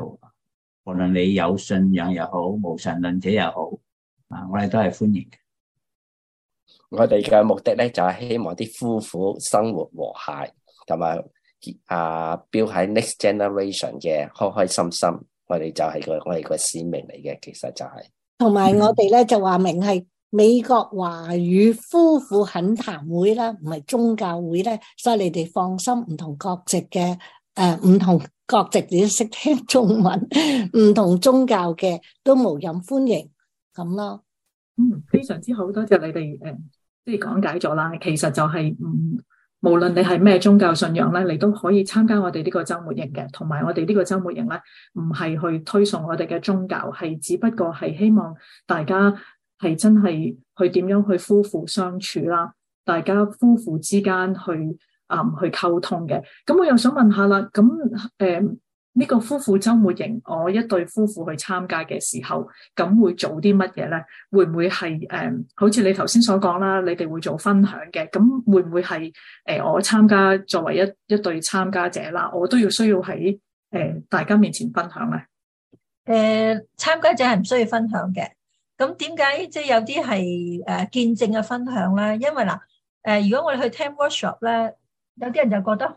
F: 無論
E: 你有信仰又好，無神論者又好啊，我哋都係歡迎。我哋嘅目的咧就係希望啲夫婦生活和諧，同埋啊，標喺 next generation 嘅開開心心，我哋就係、嗰個我哋個使命嚟嘅，其實就係、是。
G: 同埋我哋咧就話明係美國華語夫婦懇談會啦，唔係宗教會咧，所以你哋放心，唔同國籍嘅、誒，唔同國籍嘅識聽中文，唔同宗教嘅
A: 都無任歡迎咁咯。嗯，非常之好，多謝你哋誒，即係講解咗啦。其實就係嗯。無論你係咩宗教信仰咧，你都可以參加我哋呢個周末營嘅，同埋我哋呢個周末營咧，唔係去推崇我哋嘅宗教，係只不過係希望大家係真係去點樣去夫婦相處啦，大家夫婦之間去啊、嗯、去溝通嘅。咁我又想問下啦，咁誒。嗯呢個夫婦周末營，我一對夫婦去參加嘅時候，咁會做啲乜嘢咧？會唔會係誒、嗯，好似你頭先所講啦，你哋會做分享嘅？咁會唔會係誒，我參加作為一一對參加者啦，我都要需要喺誒、呃、大家面前分享咧？
D: 誒、呃，參加者係唔需要分享嘅。咁點解？即係有啲係誒見證嘅分享咧？因為嗱，誒、呃呃、如果我哋去聽 workshop 咧，有啲人就覺得好。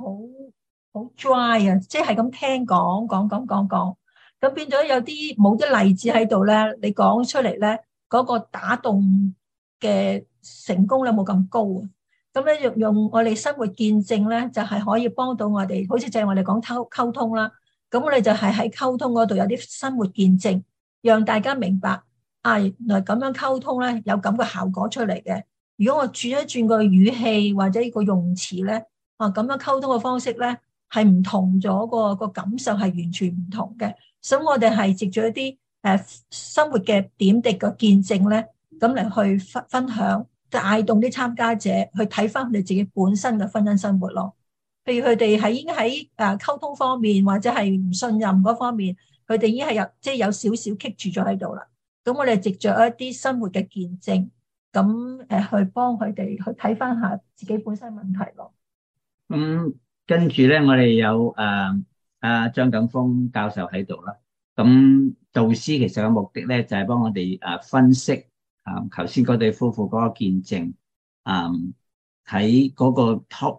D: 好 dry 啊，即係咁聽講講講講講，咁變咗有啲冇啲例子喺度咧，你講出嚟咧，嗰個打動嘅成功率冇咁高啊。咁咧用用我哋生活見證咧，就係可以幫到我哋。好似就係我哋講溝溝通啦，咁我哋就係喺溝通嗰度有啲生活見證，讓大家明白啊，原來咁樣溝通咧有咁嘅效果出嚟嘅。如果我轉一轉個語氣或者個用詞咧，啊咁樣溝通嘅方式咧。係唔同咗，個個感受係完全唔同嘅，所以我哋係藉住一啲誒生活嘅點滴嘅見證咧，咁嚟去分分享，帶動啲參加者去睇翻佢哋自己本身嘅婚姻生活咯。譬如佢哋係已經喺誒溝通方面或者係唔信任嗰方面，佢哋已經係有即係有少少棘住咗喺度啦。咁我哋藉著一啲生活嘅見證，咁誒去幫佢哋去睇翻下自己本身問題咯。嗯。
F: 跟住咧，我哋有誒阿、啊啊、張錦峰教授喺度啦。咁導師其實嘅目的咧，就係、是、幫我哋誒分析誒頭先嗰對夫婦嗰個見證。喺、啊、嗰、那個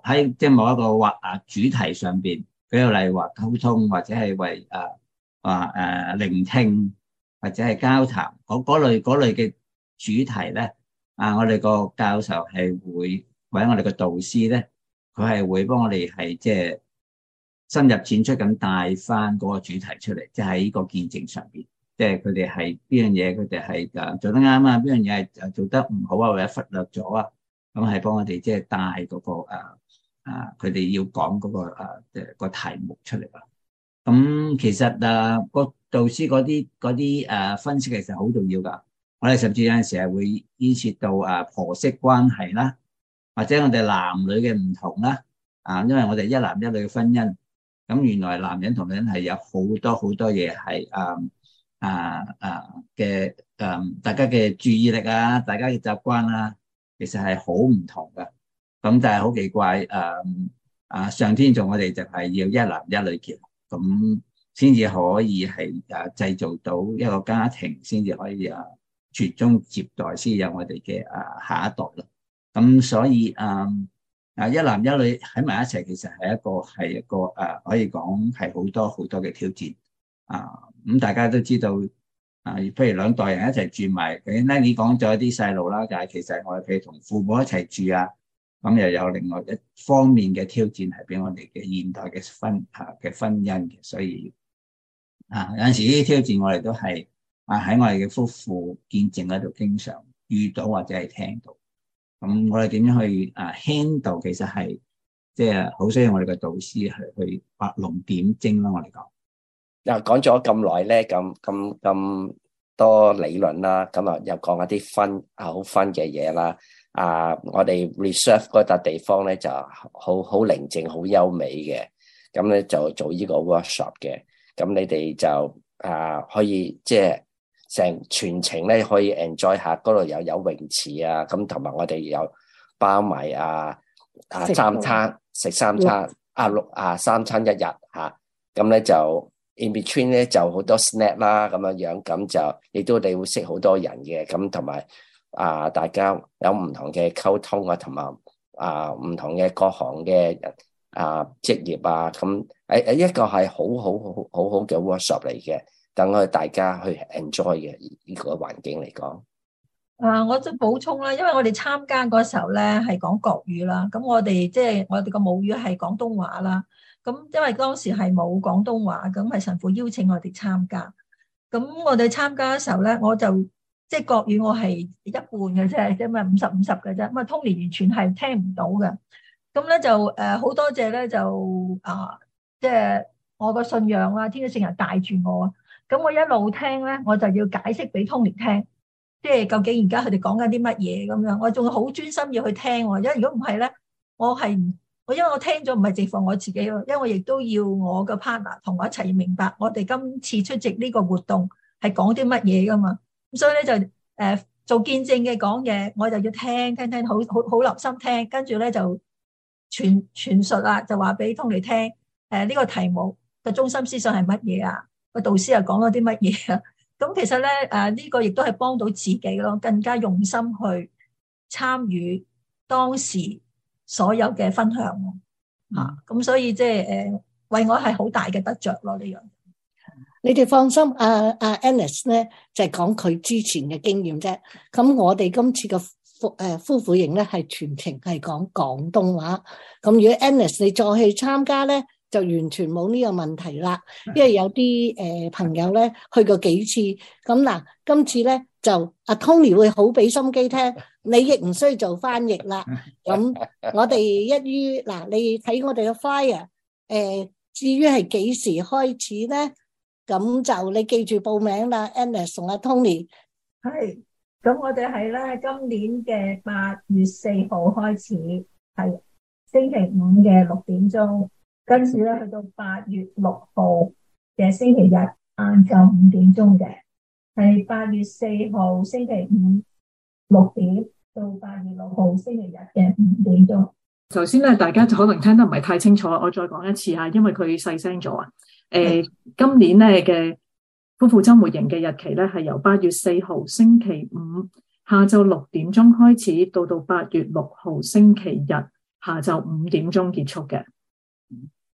F: 喺即係某一個話啊主題上邊，佢有例如話溝通，或者係為誒話誒聆聽，或者係交談嗰嗰類嗰類嘅主題咧。啊，我哋個教授係會或者我哋個導師咧。佢係會幫我哋係即係深入淺出咁帶翻嗰個主題出嚟，即係喺個見證上邊，即係佢哋係邊樣嘢，佢哋係誒做得啱啊，邊樣嘢係做得唔好啊，或者忽略咗、那個、啊，咁係幫我哋即係帶嗰個誒誒，佢哋要講嗰個誒嘅個題目出嚟啦。咁其實誒、啊，個導師嗰啲啲誒分析其實好重要噶，我哋甚至有陣時係會牽涉到誒婆媳關係啦。或者我哋男女嘅唔同啦，啊，因為我哋一男一女嘅婚姻，咁原來男人同女人係有好多好多嘢係啊啊啊嘅，誒，大家嘅注意力啊，大家嘅習慣啊，其實係好唔同㗎。咁就係好奇怪，誒啊，上天造我哋就係要一男一女結，咁先至可以係誒製造到一個家庭，先至可以啊傳宗接代，先有我哋嘅啊下一代咯。咁所以啊啊一男一女喺埋一齊，其實係一個係一個誒，可以講係好多好多嘅挑戰啊！咁大家都知道啊，譬如兩代人一齊住埋，誒，你講咗啲細路啦，但係其實我哋同父母一齊住啊，咁又有另外一方面嘅挑戰，係俾我哋嘅現代嘅婚吓嘅婚姻嘅，所以啊，有陣時呢啲挑戰我哋都係啊喺我哋嘅夫婦見證嗰度經常遇到或者係聽到。咁我哋點樣去啊 handle？其實係即係好需要我哋嘅導師去去畫龍點睛啦、啊！我哋講
E: 又講咗咁耐咧，咁咁咁多理論啦，咁啊又講一啲分好分嘅嘢啦。啊、uh,，我哋 research 嗰笪地方咧就好好寧靜、好優美嘅，咁咧就做呢個 workshop 嘅。咁你哋就啊、uh, 可以即係。成全程咧可以 enjoy 下，嗰度又有泳池啊，咁同埋我哋有包埋啊，啊三餐食三餐，三餐啊六啊三餐一日吓、啊。咁咧就 in between 咧就好多 snack 啦，咁樣樣，咁就亦都你會識好多人嘅，咁同埋啊大家有唔同嘅溝通啊，啊同埋啊唔同嘅各行嘅啊職業啊，咁誒誒一個係好好好好，好好好好好嘅 workshop 嚟嘅。等我哋大家去 enjoy 嘅呢個環境嚟講，
D: 啊！我都補充啦，因為我哋參加嗰時候咧係講國語啦，咁我哋即係我哋個母語係廣東話啦。咁因為當時係冇廣東話，咁係神父邀請我哋參加。咁我哋參加嘅時候咧，我就即係、就是、國語我係一半嘅啫，即係五十五十嘅啫。咁啊 Tony 完全係聽唔到嘅。咁咧就誒好、呃、多謝咧就啊，即、就、係、是、我個信仰啦，天主聖人帶住我。咁我一路聽咧，我就要解釋俾 Tony 聽，即係究竟而家佢哋講緊啲乜嘢咁樣。我仲好專心要去聽，因為如果唔係咧，我係我因為我聽咗唔係淨放我自己，因為我亦都要我個 partner 同我一齊明白我哋今次出席呢個活動係講啲乜嘢噶嘛。咁所以咧就誒做見證嘅講嘢，我就要聽聽聽好好好留心聽，跟住咧就傳傳述啦，就話俾 Tony 聽。誒呢個題目嘅中心思想係乜嘢啊？個導師又講咗啲乜嘢啊？咁 其實咧，誒、這、呢個亦都係幫到自己咯，更加用心去參與當時所有嘅分享。嚇、嗯，咁所以即係誒，為我係好大嘅得着咯。呢樣、嗯、
G: 你哋放心，阿阿、啊啊、Annis 咧就係、是、講佢之前嘅經驗啫。咁我哋今次嘅夫誒夫婦營咧係全程係講廣東話。咁如果 Annis 你再去參加咧，就完全冇呢個問題啦，因為有啲誒朋友咧去過幾次，咁嗱，今次咧就阿 Tony 會好俾心機聽，你亦唔需要做翻譯啦。咁我哋一於嗱，你睇我哋嘅 fire 誒，至於係幾時開始咧？咁就你記住報
D: 名啦。Astor 同阿 Tony 係，咁我哋係咧今年嘅八月四號開始，係星期五嘅六點鐘。跟住咧，去到八月六號嘅星期日晏晝五點鐘嘅，係八月四號星
A: 期五六點到八月六號星期日嘅五點鐘。頭先咧，大家可能聽得唔係太清楚，我再講一次吓，因為佢細聲咗啊。誒、呃，今年咧嘅夫婦周末營嘅日期咧，係由八月四號星期五下晝六點鐘開始，到到八月六號星期日下晝五點鐘結束嘅。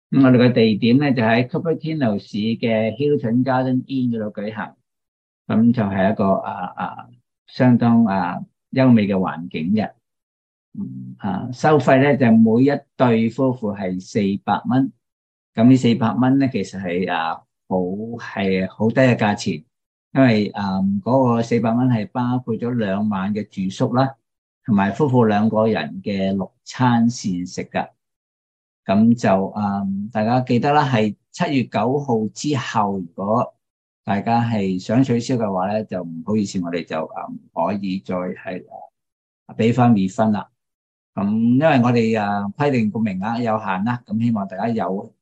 F: 咁、嗯、我哋個地點咧就喺、是、Cupertino 市嘅 Hilton Garden Inn 嗰度舉行，咁就係一個啊啊相當啊優美嘅環境嘅，嗯啊，收費咧就是、每一對夫婦係四百蚊，咁呢四百蚊咧其實係啊好係好低嘅價錢，因為啊嗰、嗯那個四百蚊係包括咗兩晚嘅住宿啦，同埋夫婦兩個人嘅六餐膳食噶。咁就啊，大家記得啦，係七月九號之後，如果大家係想取消嘅話咧，就唔好意思，我哋就啊、嗯、唔可以再係啊俾翻尾分啦。咁、嗯、因為我哋啊規定個名額有限啦，咁希望大家有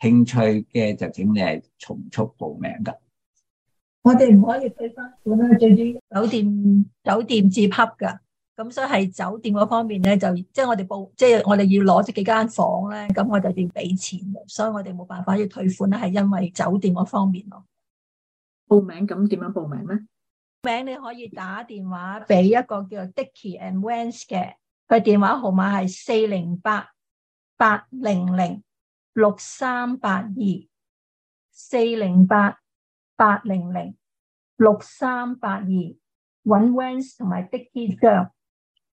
F: 興趣嘅就請你係從速報名噶。我哋唔可以俾翻本啦，最主要酒店酒店接洽
D: 噶。咁所以喺酒店嗰方面咧，就即係我哋報，即係我哋要攞咗幾間房咧，咁我就要俾錢，所以我哋冇辦法要退款咧，係因為酒店嗰方面咯。報名，咁點樣報名咧？名你可以打電話俾一個叫做 Dickie and Wance 嘅，佢電話號碼係四零八八零零六三八二四零八八零零六三八二，揾 Wens 同埋 Dickie 嘅。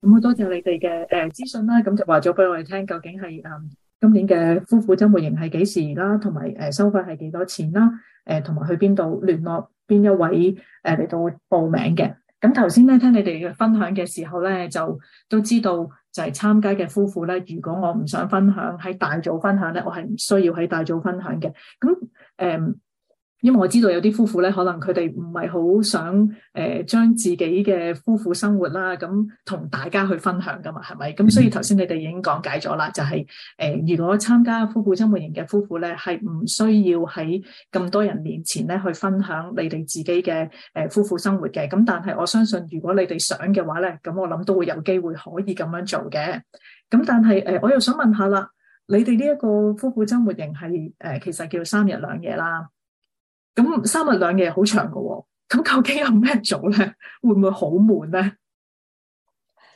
A: 咁好多謝你哋嘅誒資訊啦，咁就話咗俾我哋聽，究竟係誒今年嘅夫婦週末營係幾時啦，同埋誒收費係幾多錢啦，誒同埋去邊度聯絡邊一位誒嚟到報名嘅。咁頭先咧聽你哋嘅分享嘅時候咧，就都知道就係參加嘅夫婦咧，如果我唔想分享喺大組分享咧，我係唔需要喺大組分享嘅。咁誒。嗯因為我知道有啲夫婦咧，可能佢哋唔係好想誒將、呃、自己嘅夫婦生活啦，咁同大家去分享噶嘛，係咪？咁所以頭先你哋已經講解咗啦，就係、是、誒、呃，如果參加夫婦周末營嘅夫婦咧，係唔需要喺咁多人面前咧去分享你哋自己嘅誒、呃、夫婦生活嘅。咁但係我相信，如果你哋想嘅話咧，咁我諗都會有機會可以咁樣做嘅。咁但係誒、呃，我又想問下啦，你哋呢一個夫婦周末營係誒，其實叫三日兩夜啦。咁三日兩夜好長噶，哦，咁究竟有咩做咧？會唔會
G: 好悶咧？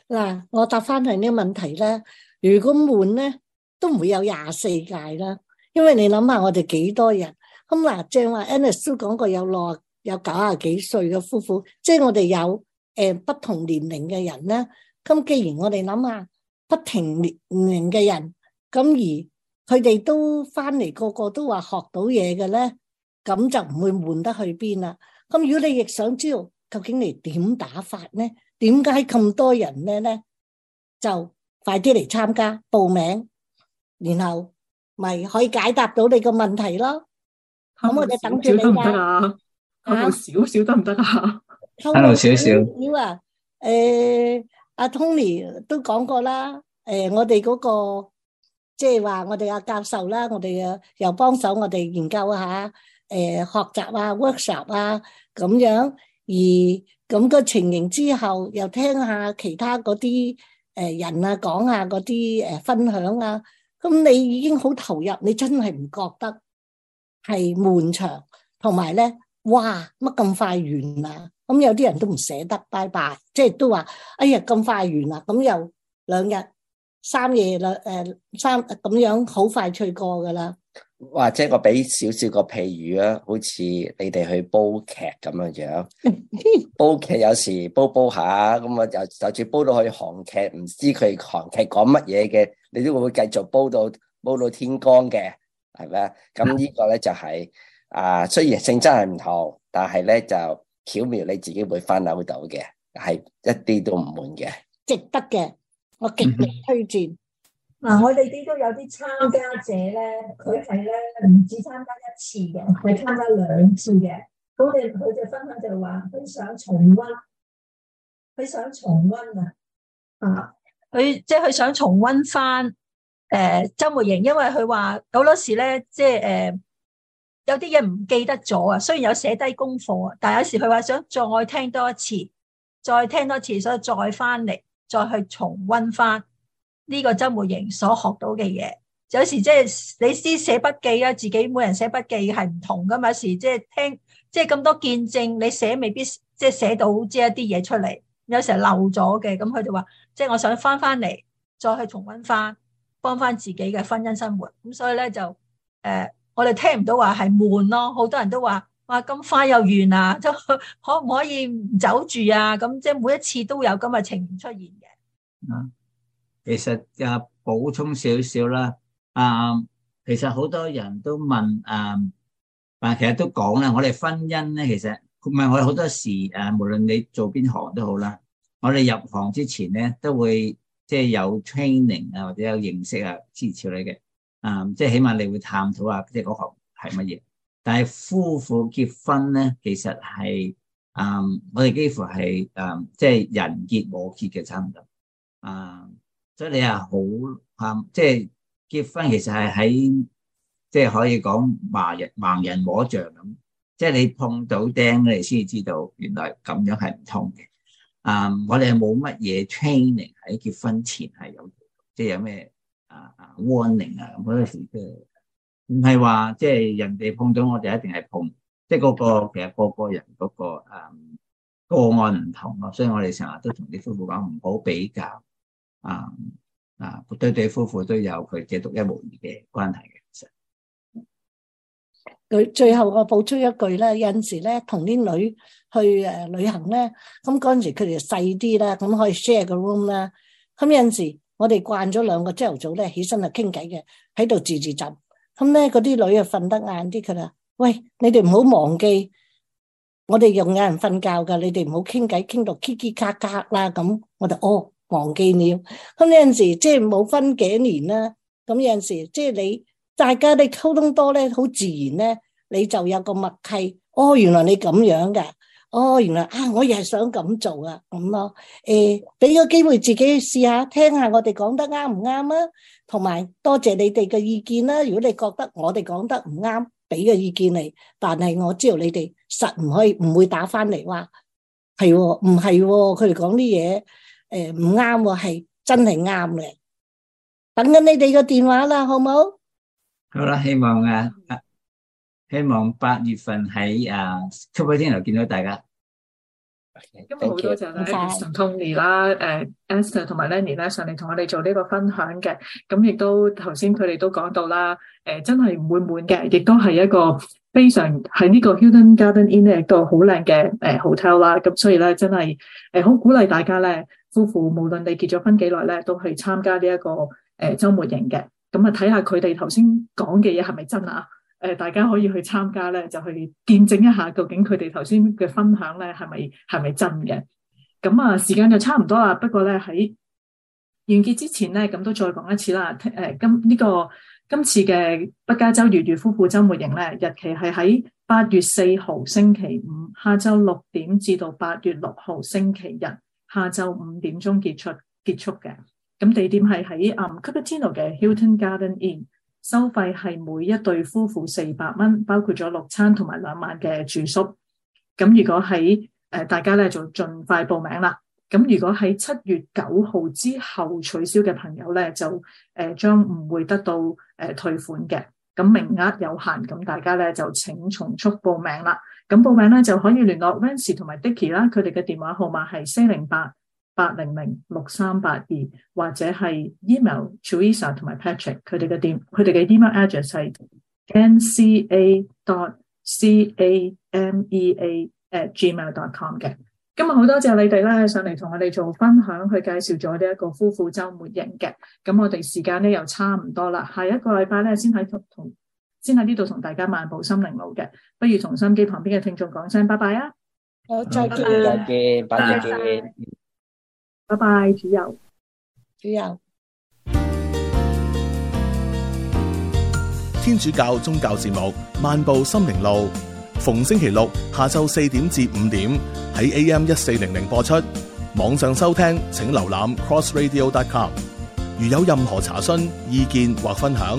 G: 嗱，我答翻係呢個問題咧。如果悶咧，都唔會有廿四屆啦。因為你諗下我哋幾多人，咁嗱，正話 Anna 蘇講過有60，有，就是，有六有九廿幾歲嘅夫婦，即係我哋有誒不同年齡嘅人咧。咁既然我哋諗下不停年齡嘅人，咁而佢哋都翻嚟，個個都話學到嘢嘅咧。咁就唔會換得去邊啦。咁如果你亦想知道究竟你點打法咧，點解咁多人咧咧，就快啲嚟參加報名，然後咪可以解答到你個問題咯。咁我哋等住你噶，
A: 慳少少得唔
G: 得啊？慳少少。少啊！誒，阿 Tony 都講過啦。誒，我哋嗰個即係話，我哋阿教授啦，我哋又又幫手我哋研究下。誒學習啊，workshop 啊，咁樣而咁個情形之後，又聽下其他嗰啲誒人啊講下嗰啲誒分享啊，咁你已經好投入，你真係唔覺得係悶長，同埋咧，哇乜咁快完啊！咁有啲人都唔捨得，拜拜，即係都話，哎呀咁快完啦，啊，咁又兩日三夜啦，誒三咁樣好快脆過噶啦。
E: 或者我俾少少個譬如啊，好似你哋去煲劇咁樣樣，煲劇有時煲煲下，咁啊就就似煲到去韓劇，唔知佢韓劇講乜嘢嘅，你都會繼續煲到煲到天光嘅，係咪啊？咁呢個咧就係啊，雖然性質係唔同，但係咧就巧妙你自己會翻老到嘅，係一啲都唔悶嘅，
G: 值得嘅，我極力推薦。 嗱、啊，我哋啲
D: 都有啲參加者咧，佢係咧唔止參加一次嘅，佢參加兩次嘅。咁佢佢就分享就話，佢想重温，佢想重温啊！啊，佢即係佢想重温翻誒週末營，因為佢話好多時咧，即係誒、呃、有啲嘢唔記得咗啊。雖然有寫低功課，但係有時佢話想再聽多一次，再聽多次，所以再翻嚟再去重温翻。呢個周末營所學到嘅嘢，有時即係你先寫筆記啦，自己每人寫筆記係唔同噶嘛。有時即係聽，即係咁多見證，你寫未必即係寫到即係一啲嘢出嚟，有時漏咗嘅。咁佢就話，即係我想翻翻嚟，再去重温翻，幫翻自己嘅婚姻生活。咁所以咧就誒，我哋聽唔到話係悶咯，好多人都話哇咁快又完啦，可唔可以唔走住啊？咁即係每一次都有咁嘅情形出現嘅。嗯。
F: 其實啊，補充少少啦。啊，其實好多人都問啊，但其實都講啦，我哋婚姻咧，其實唔係我哋好多時誒、啊，無論你做邊行都好啦，我哋入行之前咧，都會即係有 training 啊，或者有認識啊，支持你嘅。啊，即係起碼你會探討下，即係嗰行係乜嘢。但係夫婦結婚咧，其實係啊，我哋幾乎係啊，即係人結我結嘅差唔多啊。所以你啊好啊，即係結婚其實係喺即係可以講盲人盲人摸象咁，即係你碰到釘，你先至知道原來咁樣係唔通嘅。啊、嗯，我哋係冇乜嘢 training 喺結婚前係有，即係有咩啊、呃、warning 啊，咁嗰陣時都唔係話即係人哋碰到我哋一定係碰，即係嗰個其實個個人、嗰個個啊、嗯、個案唔同咯，所以我哋成日都同啲夫婦講唔好比較。啊啊，對對夫婦都有佢哋獨一無二嘅關係嘅。其實
G: 佢最後我補充一句咧，有陣時咧同啲女去誒旅行咧，咁嗰陣時佢哋細啲啦，咁可以 share 個 room 啦。咁有陣時我哋慣咗兩個朝頭早咧起身啊，傾偈嘅喺度自自習。咁咧嗰啲女啊，瞓得晏啲佢啦。喂，你哋唔好忘記，我哋仲有人瞓覺噶，你哋唔好傾偈傾到嘰嘰咔咔啦。咁我哋哦。忘記了，咁有陣時即係冇分幾多年啦。咁有陣時即係你大家你溝通多咧，好自然咧，你就有個默契。哦，原來你咁樣嘅，哦，原來啊，我亦係想咁做啊，咁咯。誒，俾個機會自己去試下，聽下我哋講得啱唔啱啊。同埋多謝你哋嘅意見啦。如果你覺得我哋講得唔啱，俾個意見你，但係我知道你哋實唔可以唔會打翻嚟話係喎，唔係喎。佢哋講啲嘢。誒，唔啱喎，係、啊、真係啱嘅。等緊你哋個電話啦，好冇？
F: 好啦，希望啊，希望八月份喺啊，Sky Tower 見到大家。今日好
A: 多謝咧，Tony 啦、啊，誒 Astor 同埋 Lenny 咧，上嚟同我哋做呢個分享嘅。咁亦都頭先佢哋都講到啦，誒、啊，真係唔會悶嘅，亦都係一個非常喺呢個 Hilton Garden Inn 一個好靚嘅誒 hotel 啦。咁、啊啊、所以咧，真係誒，好鼓勵大家咧。夫婦無論你結咗婚幾耐咧，都去參加呢一個誒週末營嘅，咁啊睇下佢哋頭先講嘅嘢係咪真啊？誒、呃，大家可以去參加咧，就去見證一下究竟佢哋頭先嘅分享咧係咪係咪真嘅？咁、嗯、啊，時間就差唔多啦。不過咧，喺完結之前咧，咁都再講一次啦。誒、呃，今呢、這個今次嘅北加州粵語夫婦週末營咧，日期係喺八月四號星期五下晝六點至到八月六號星期日，下晝五點鐘結束，結束嘅，咁地點係喺啊 Cupertino 嘅、嗯、Hilton Garden Inn，收費係每一對夫婦四百蚊，包括咗六餐同埋兩晚嘅住宿。咁如果喺誒、呃、大家咧就盡快報名啦。咁如果喺七月九號之後取消嘅朋友咧，就誒、呃、將唔會得到誒、呃、退款嘅。咁名額有限，咁大家咧就請從速報名啦。咁報名咧就可以聯絡 v a n s 同埋 Dicky 啦，佢哋嘅電話號碼係四零八八零零六三八二，2，或者係 email Teresa 同埋 Patrick 佢哋嘅電佢哋嘅 email address 係 nca dot c a m e a at gmail dot com 嘅。今日好多謝你哋咧上嚟同我哋做分享，佢介紹咗呢一個夫婦週末型嘅。咁我哋時間咧又差唔多啦，下一個禮拜咧先喺同。先喺呢度同大家漫步心靈路嘅，不如同心機旁邊嘅聽眾講聲拜拜啊！
E: 好再見，再見，再見，
A: 拜拜，主佑，主佑，
H: 天主教宗教節目《漫步心靈路》，逢星期六下晝四點至五點喺 AM 一四零零播出，網上收聽請瀏覽 crossradio.com。如有任何查詢、意見或分享，